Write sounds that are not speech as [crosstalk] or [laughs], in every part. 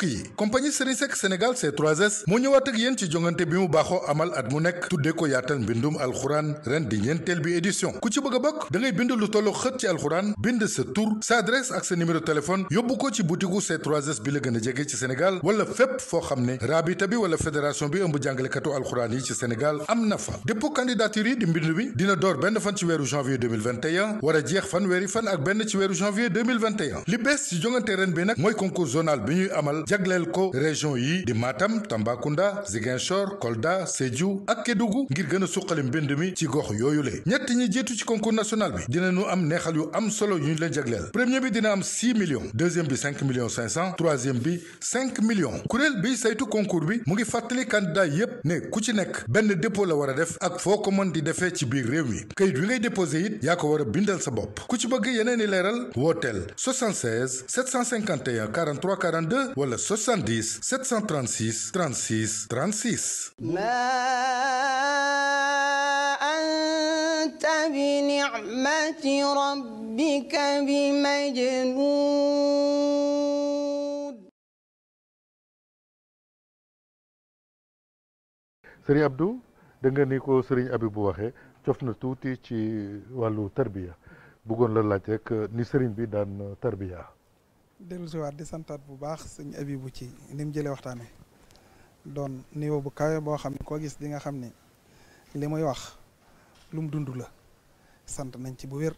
mbokk yi compagnie Sénégal c 3 moo ñëwaat ak yéen ci jongante bi mu baaxoo amal at mu nekk tuddee ko yaatal mbindum alxuraan ren di ñeenteel bi édition ku ci bëgg a bokk da ngay bind lu tollu xët ci alxuraan bind sa tur sa adresse ak sa numéro téléphone yóbbu ko ci butiku c 3 bi la gën a jege ci Sénégal wala fépp foo xam ne raabita bi wala fédération bi ëmb jàngalekatu alxuraan yi ci Sénégal am na fa dépôt candidature yi di jagleel ko région yi di maatam Tambacounda Ziguinchor Kolda Sédhiou ak Kédougou ngir gën a suqali mbind mi ci gox yooyu le ñett ñi jeetu ci concours national bi dinañu am neexal yu am solo yu ñu leen jagleel premier bi dina am 6 millions deuxième bi 5 millions 500 troisième bi 5 millions kuréel bi saytu concours bi mu ngi fàttali candidat yépp ne ku ci nekk benn dépo la war a def ak foo ko mën di defee ci biir réew mi kayit wi ngay déposé it yaa ko war a bindal sa bopp ku ci bëgg yeneen i leeral wooteel 76 751 43 42 wala 70 736 36 36. sëriñ Abdou da nga ni ko sëriñ Abibou waxee na tuuti ci wàllu tarbiya bëggoon la laaj rek ni sëriñ bi daan tarbiya dellu siwaat di santaat bu baax sëñ bu ci ni mu jëlee waxtaane doon niveau bu kawe boo xam ne koo gis di nga xam ni li muy wax lu mu dund la sant nañ ci bu wér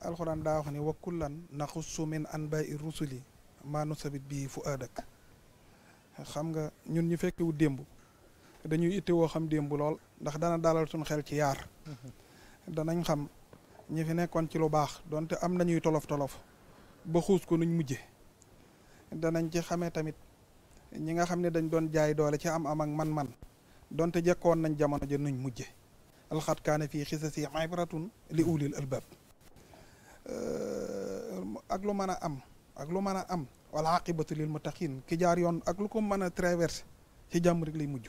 alxuraan daa wax ni wa kullan naxussu min anbaa'i rusuli maa nusabit bii fu aadak xam nga ñun ñu fekkewu démb dañuy itte woo xam démb lool ndax dana daalal suñ xel ci yaar [laughs] danañ xam ñi fi nekkoon ci lu baax donte am nañuy tolof tolof ba xuus ko nuñ mujje danañ ci xamee tamit ñi nga xam ne dañ doon jaay doole ci am am ak man-man donte jekkoon nañ jamono ja nuñ mujje alxat kaane fii xisasi ibratun li ulil albab ak lu mën a am ak lu mën a am wala aqibatu lil muttaqin ki jaar yoon ak lu ko mën a traversé ci jàmm rek lay mujj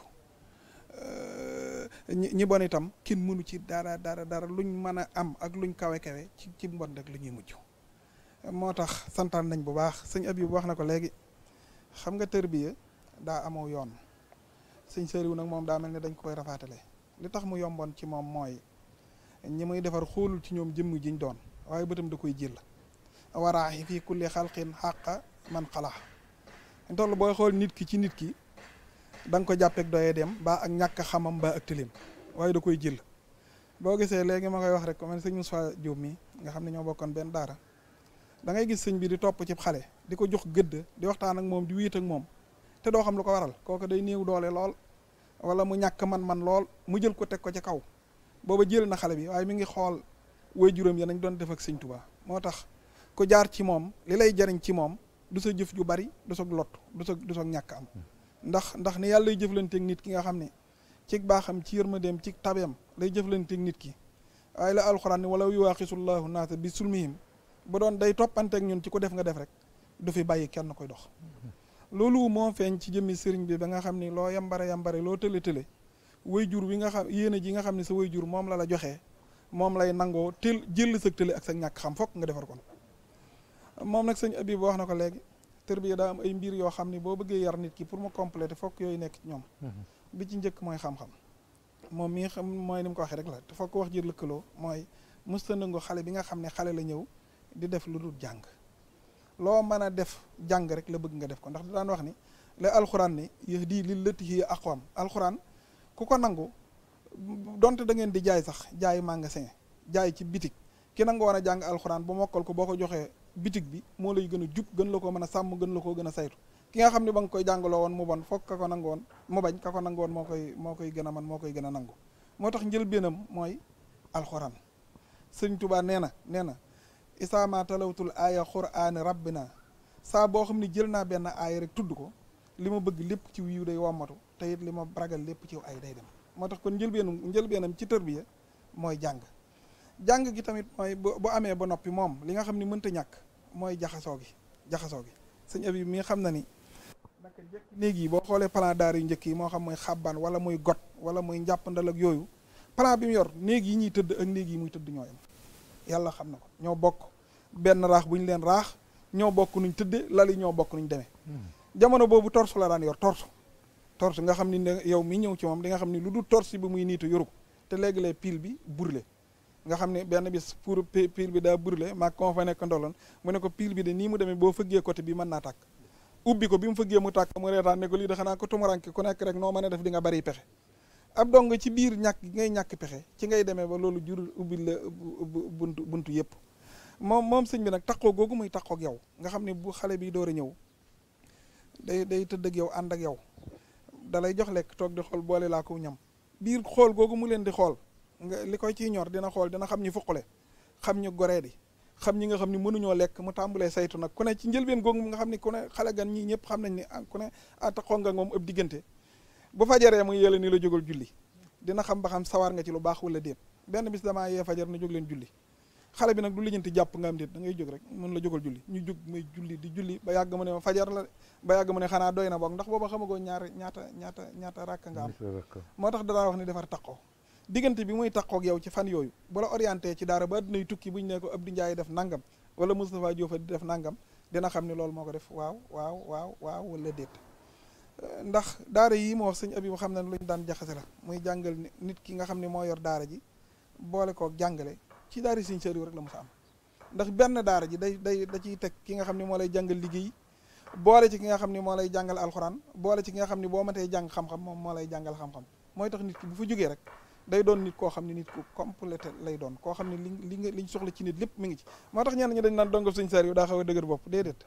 ñi bon itam kin mënu ci dara dara dara luñ mën a am ak luñ kawe kawe ci ci mbon rek lu ñuy mujj moo tax santaan nañ bu baax sëñ Abibu wax na ko léegi xam nga tërbiya daa amoo yoon sëñ sëriw nag moom daa mel ne dañ ko koy rafaatale li tax mu yomboon ci moom mooy ñi muy defar xoolul ci ñoom jëmm jiñ doon waaye bëtam da koy jël waraaxi fii kulli xalqin xàqa man xalaax toll booy xool nit ki ci nit ki da ko jàppeek doyee dem ba ak ñàkk xamam ba ak tilim waaye da koy jël boo gisee léegi ma koy wax rek man sëñ Moussa Diop mi nga xam ne ñoo bokkoon benn daara da ngay gis sëñ bi di topp ci xale di ko jox gëdd di waxtaan ak moom di wéet moom te doo xam lu ko waral kooku day néew doole lool wala mu ñàkk man-man lool mu jël ko teg ko ci kaw booba jël na xale bi waaye mi ngi xool juróom ya nañ doon def ak sëñ Tuubaa moo tax ku jaar ci moom li lay jariñ ci moom du sa jëf ju bari du sa lot du sa du ñàkk am ndax ndax ni yàlla lay jëflanteeg nit ki nga xam ne cig baaxam ci yërmandeem ci tabeem lay jëflanteeg nit ki waaye la alxuraan ni wala yuwaaxisullahu naata bi sulmihim bu doon day toppanteek ñun ci ko def nga def rek du fi bàyyi kenn koy dox loolu moo feeñ ci jëmmi sëriñ bi ba nga xam ni loo yambare yambare loo tële tële way jur wi nga xam yéene ji nga xam ne sa way jur moom la la joxee moom lay nangoo tël jël sa tële ak sa ñàkk xam fokk nga defar kon moom nag sëñ Abib wax na ko léegi tërbiya daa am ay mbir yoo xam ne boo bëggee yar nit ki pour mu compléter fokk yooyu nekk ñoom mm-hmm. bi ci njëkk mooy xam-xam moom mii xam mooy ni mu ko waxee rek la te fokk wax ji lëkkaloo mooy musta nangu xale bi nga xam ne xale la ñëw di def lu dul jàng loo mën a def jàng rek la bëgg nga def ko ndax di daan wax ni la alxuraan ni yahdi lillati hiya aqwam alxuraan ku ko nangu donte da ngeen di jaay sax jaay magasin jaay ci bitig ki nangu woon a jàng alxuraan ba mokkal ko boo ko joxee bitik bi moo lay gën a jub gën la koo mën a sàmm gën la koo gën a saytu ki nga xam ne ba nga koy jàngaloo woon mu bon foog ka ko nangu woon mu bañ ka ko nangu woon moo koy moo koy gën a man moo koy gën a nangu moo tax njëlbéenam mooy alxuraan sëñ nee na nee na isaama talawtul aaya quraan rabbina saa boo xam ne jël naa benn aaya rek tudd ko li ma bëgg lépp ci wiiw day wommatu te li ma ragal lépp ci ay day dem moo tax kon njëlbeenam njëlbeenam ci tërbiya mooy jàng jàng gi tamit mooy bu amee ba noppi moom li nga xam ne mënta ñàkk mooy jaxasoo gi jaxasoo gi sëñ abi mi xam na ni naka néeg yi boo xoolee plan daar yu njëkk yi moo xam mooy xàbbaan wala muy got wala muy njàpp ndal yooyu plan bi mu yor néeg yi ñuy tëdd néeg yi muy tëdd ñooyam yàlla xam na ko ñoo bokk benn raax bu ñu leen raax ñoo bokk nuñ tëddee lal yi ñoo bokk nuñ demee hmm. jamono boobu torse la daan yor torse torse nga xam ni ne yow mi ñëw ci moom di nga xam ni lu dul torsi bi muy niitu yoru ko te léegi la pile bi brûlé nga xam ne benn bis pour pile bi daa brûlé maa ko fa nekk ndoloon mu ne ko pile bi de nii mu demee boo fëggee côté bi mën naa tàkk ubbi ko bi mu fëggee mu tàkk mu reetaan ne ko lii xanaa ko tumuranke ku nekk rek noo mën a def di nga ab dong ci biir ñàkk ngay ñàkk pexe ci ngay demee ba loolu jurul ubbi la bunt bunt yëpp moom moom sëñ bi nag taxoo googu muy taxoo yow nga xam ni bu xale bi door a ñëw day day tëdd ak yow ànd ak yow dalay jox lekk toog di xool boole laa ko ñam biir xool googu mu leen di xool nga li koy ci ñor dina xool dina xam ñu fuqale xam ñu goree di xam ni nga xam ne mënuñoo lekk mu tàmbalee saytu nag ku ne ci njëlbeen googu nga xam ne ku ne xale gan ñii ñëpp xam nañ ne ah, ku ne ah taxoo nga moom ëpp diggante bu fajaree muy yéela ni la jógal julli dina xam ba xam sawar nga ci lu baax wala déet benn bis damaa yee fajar na jóg leen julli xale bi nag du lijjanti jàpp nga am déet da ngay jóg rek mun la jógal julli ñu jóg may julli di julli ba yàgg mu ne fajar la ba yàgg mu xanaa doy na boog ndax booba xamagoo ñaar ñaata ñaata ñaata ràkk moo tax danaa wax ni defar taqoo diggante bi muy taqoog yow ci fan yooyu bu la orienté ci daara ba addinay tukki buñu ne ko Abdou Ndiaye def nangam wala Moustapha Diop di def nangam dina ne loolu moo ko def waaw waaw waaw waaw wala déet ndax daara yi ma wax sëñ Abibu xam na ne lu ñu daan jaxase la muy jàngal nit ki nga xam ne moo yor daara ji boole kook jàngale ci daara sëñ Saliou rek la mu sa am ndax benn daara ji day day da ciy teg ki nga xam ne moo lay jàngal liggéey boole ci ki nga xam ne moo lay boole ci ki nga xam ne boo matee xam-xam moom moo lay jàngal xam-xam mooy tax nit ki bu fa jógee rek day doon nit koo xam ne nit ku complété lay doon koo xam ne li li liñ soxla ci nit lépp mi ngi ci moo tax ñenn ñi dañ naan dongob sëñ Saliou daa xaw a dëgër bopp déedéet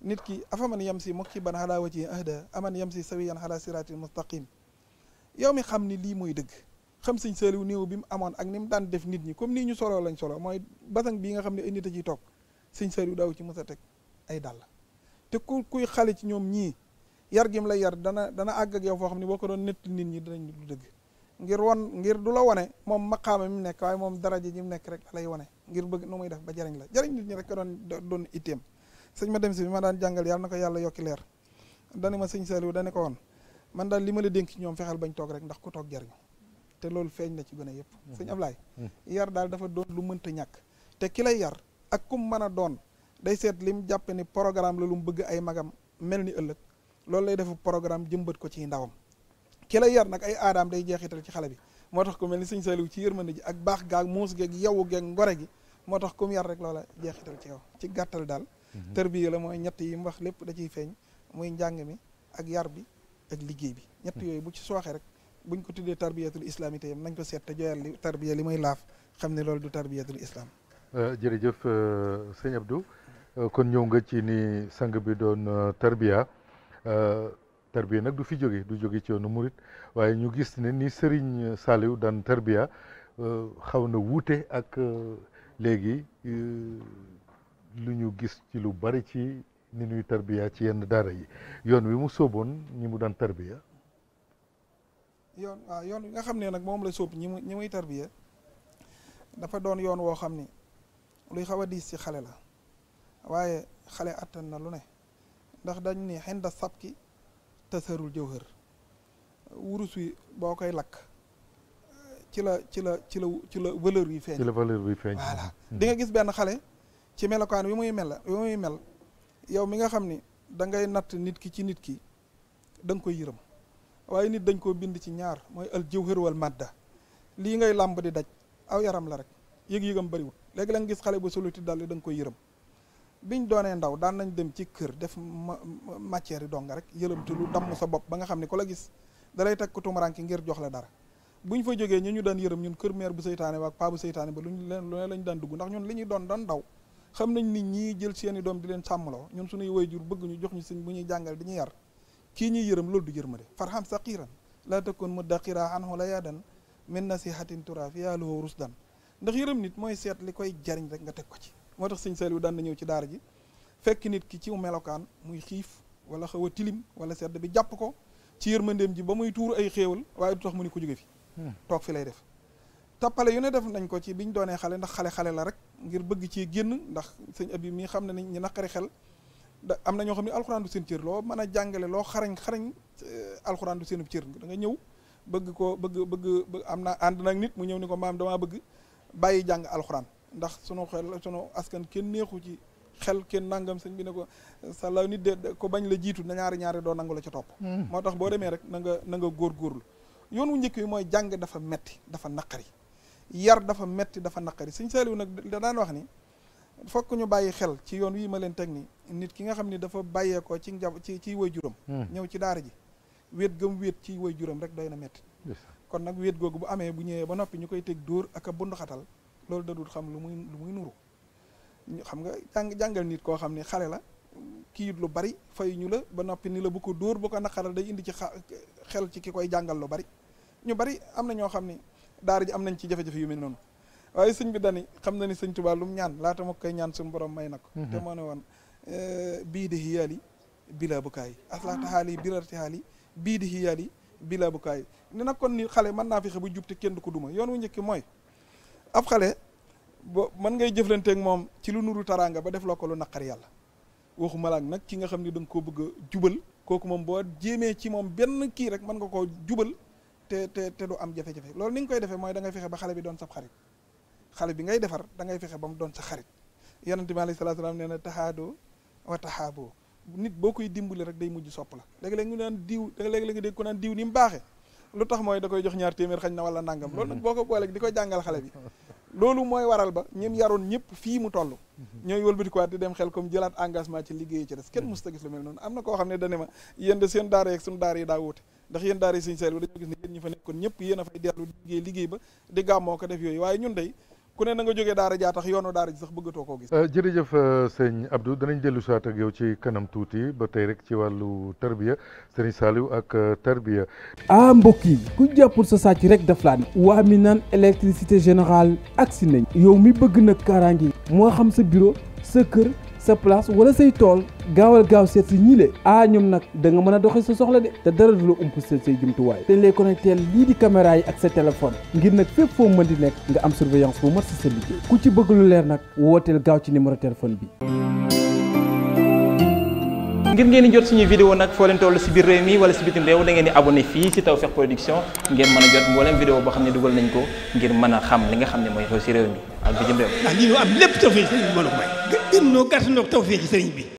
nit ki afa afaman yam si mukiban ala wajhi ahda aman yam si sawiyan ala siratil mustaqim yow mi xam ni lii mooy dëgg xam sëñ saliw néew bi mu amoon ak ni mu daan def nit ñi comme nii ñu soloo lañ solo mooy basang bii nga xam ne ay nit a ciy toog sëñ saliw daaw ci mës a teg ay dàll te ku kuy xale ci ñoom ñii yar gim lay yar dana dana àgg ak yow foo xam ne boo ko doon nett nit ñi danañ du dëgg ngir won ngir du la wane moom maqaama mi mu nekk moom daraja ji mu nekk rek la lay wane ngir bëgg nu def ba jariñ la jariñ nit ñi rek ko doon doon sëñ ma dem si bi ma daan jàngal yàlla na ko yàlla yokki leer dani ma sëñ Saliou dani ko woon man daal li ma la dénk ñoom fexeel bañ toog rek ndax ku toog jariñu te loolu feeñ na ci gën a yëpp sëñ Ablaay mm-hmm. yar daal dafa doon lu mënta ñàkk te ki lay yar ak kum mën a doon day seet lim jàppe ni programme la lu mu bëgg ay magam mel ni ëllëg loolu lay defu programme jëmbat ko ci ndawam ki yar nag ay aadaam day jeexital ci xale bi moo tax ku mel ni sëñ Saliou ci yërmande ji ak baax gaag muus geeg yewwu geeg ngore gi moo tax kum yar rek loola jeexital ci yow ci gàttal daal Mm-hmm. tërbiya la mooy ñett yi mu wax lépp da ciy feeñ mooy njàng mi ak yar bi ak liggéey bi ñett mm-hmm. yooyu bu ci sooxee rek buñ ko tuddee tarbiyatul islam yi nañ ko seet te joyal li tarbiya li muy laaf xam ne loolu du tarbiyatul islam euh, jërëjëf euh, sëñ Abdou euh, kon ñëw nga ci ni sang bi doon tarbiya tarbiya nag du fi jóge du jóge ci yoonu murit waaye ñu gis ne ni Serigne Saliou daan tarbiya xaw na wuute ak léegi lu ñu gis ci lu bari ci ni ñuy tarbiya ci yenn daara yi yoon wi mu sooboon ñi mu daan tarbiya yoon waaw yoon wi nga xam ne nag moom la soob ñi mu ñi muy tarbiya dafa doon yoon woo xam ni luy xaw a diis ci xale la waaye xale attan na lu ne ndax dañ ni xenda sabki tasarul jëwhër wurus wi boo koy lakk ci la ci la ci la ci la valeur yi feeñ. ci la valeur yi feeñ. voilà hmm. di nga gis benn xale ci melokaan wi muy mel wi muy mel yow mi nga xam ni dangay natt nit ki ci nit ki da koy yërëm waaye nit dañ koo bind ci ñaar mooy al jawhar wal madda lii ngay làmb di daj aw yaram la rek yëg-yëgam bëriwul léegi la nga gis xale bu soluti dal da nga koy yërëm biñ doonee ndaw daan nañ dem ci kër def matière yi donga rek yëlëmte lu damm sa bopp ba nga xam ne ku la gis dalay teg ko tumuranki ngir jox la dara buñ fa jógee ñu ñu daan yërëm ñun kër meer bu seytaane waak paa bu seytaane ba luñ li ñuy doon daan daw xam nañ nit ñi jël seeni doom di leen su ñun suñuy wayjur bëgg ñu jox ñu sëñ bu ñuy jàngal di ñu yar kii ñuy yërëm loolu du yërmande farham saqiran laa takun muddaqira anhu la yaadan min nasihatin tura fi rus rusdan ndax yërëm nit mooy seet li koy jariñ rek nga teg ko ci moo tax sëñ Saliou daan na ñëw ci daara ji fekk nit ki ci melokaan muy xiif wala xaw a tilim wala sedd bi jàpp ko ci yërmandeem ji ba muy tuur ay xéewal waaye du tax mu ni ko jóge fi hmm. toog fi lay def tappale yu ne def nañ ko ci biñ doonee xale ndax xale-xale la rek ngir bëgg ci génn ndax sëñ abi mii xam ne ni ñu naqari xel da am na ñoo xam ne alxuraan du seen cër loo mën a jàngale loo xarañ xarañ euh, alxuraan du seen cër da nga ñëw bëgg ko bëgg bëgg am naa ànd nag nit mu ñëw ni ko maam damaa bëgg bàyyi jàng alxuraan ndax sunu xel sunu askan kenn neexu ci xel kenn nangam sëñ bi ne ko sa law nit de ko bañ la jiitu na ñaari ñaari doo nangu la ca topp hmm. moo tax boo demee rek nanga nga na nga góorgóorlu yoon wu njëkk yi mooy jàng dafa metti dafa naqari yar dafa metti dafa naqari sëñ Saliou nag da daan wax ni fokk ñu bàyyi xel ci yoon wii ma leen teg ni nit ki nga xam ni dafa bàyyeekoo ci njab ci ciy way juróom hmm. ñëw ci daara ji wéet gëm wéet ci way juróom rek doy na metti kon nag wéet googu bu amee bu ñëwee ba noppi ñu koy teg dóor ak a bunduxatal loolu da dul xam lu muy lu muy nuru xam nga jàng jàngal nit koo xam ne xale la kii lu bari fay ñu la ba noppi ni la bu ko dóor bu ko naqaral day indi ci xel ci ki koy jàngal lu bari ñu bari am na ñoo xam ni daara ji am nañ ci jafe-jafe yu mel noonu waaye sëñ bi dani xam na ni sëñ Tuubaa lu mu ñaan laata ma koy ñaan suñu borom may na ko mhm. te moo woon eh, bii di hiyaali bila bu kaay aslata bii di hiyaali bila bu kaay ni nag kon ni xale mën naa fexe bu jub te kenn du ko duma yoon wu njëkki mooy ab xale bo mën ngay jëflanteeg moom ci lu nuru taraanga ba def loo ko lu naqar yàlla waxuma laak nag ki nga xam ni da nga koo bëgg a jubal kooku moom boo jéemee ci moom benn kii rek mën nga koo jubal te te te du am jafe-jafe loolu ni nga koy defee mooy dangay ngay fexe ba xale bi doon sab xarit xale bi ngay defar dangay fexe ba mu doon sa xarit yeneen bi alayhi salaatu salaam nee na taxaadoo wa taxaaboo nit boo koy dimbali rek day mujj sopp la léegi-léegi ñu naan diw léegi-léegi nga dégg ko naan diw ni mu lu tax mooy da koy jox ñaar téeméer xañ na wala nangam loolu nag boo ko booleeg di ko jàngal xale bi loolu mooy waral ba ñim yaroon ñëpp fii mu toll ñooy wëlbatikuwaat di dem xel comme jëlaat engagement ci liggéey ci des kenn mm-hmm. am ne dane ma yéen de seen daara daa wuute ndax yéen daara sëñ Saliou dañoo gis ne yéen ñu fa nekkoon ñëpp yéen a liggéey liggéey ba di gàmmoo ko def yooyu waaye ñun day ku ne na nga daara jaa tax daara ji sax bëggatoo koo gis euh, jërëjëf euh, sëñ Abdou danañ dellu si waat ak yow ci kanam tuuti ba tey rek ci wàllu tarbiya sëriñ Saliou ak euh, tarbiya ah mbokk yi ku jàppul sa sàcc rek daf laa ne waa mi naan électricité ak si nañ yow mi bëgg nag kaaraange moo xam sa bureau sa kër sa place wala say tool gaawal gaaw seet si ñi le ah nag da nga mën a doxee sa soxla de te dara du la ump seet say jumtuwaay te ñu lay connecté lii di caméra yi ak sa téléphone ngir nag fépp foo mën di nekk nga am surveillance bu mat si sa liggéey ku ci bëgg lu leer nag wooteel gaaw ci numéro téléphone bi. ngir ngeen di jot suñu vidéo nag foo leen toll si biir réew mi wala si bitim réew da ngeen di abonné fii si Tawfekh Production ngeen mën a jot mboolem boo xam ne dugal nañ ko ngir mën a xam li nga xam ne mooy xew si réew mi. ak bitim réew. waaw ah, lii ñu am lépp tawfeex sëriñ bi may. gën noo gàtt noo tawfeex sëriñ bi.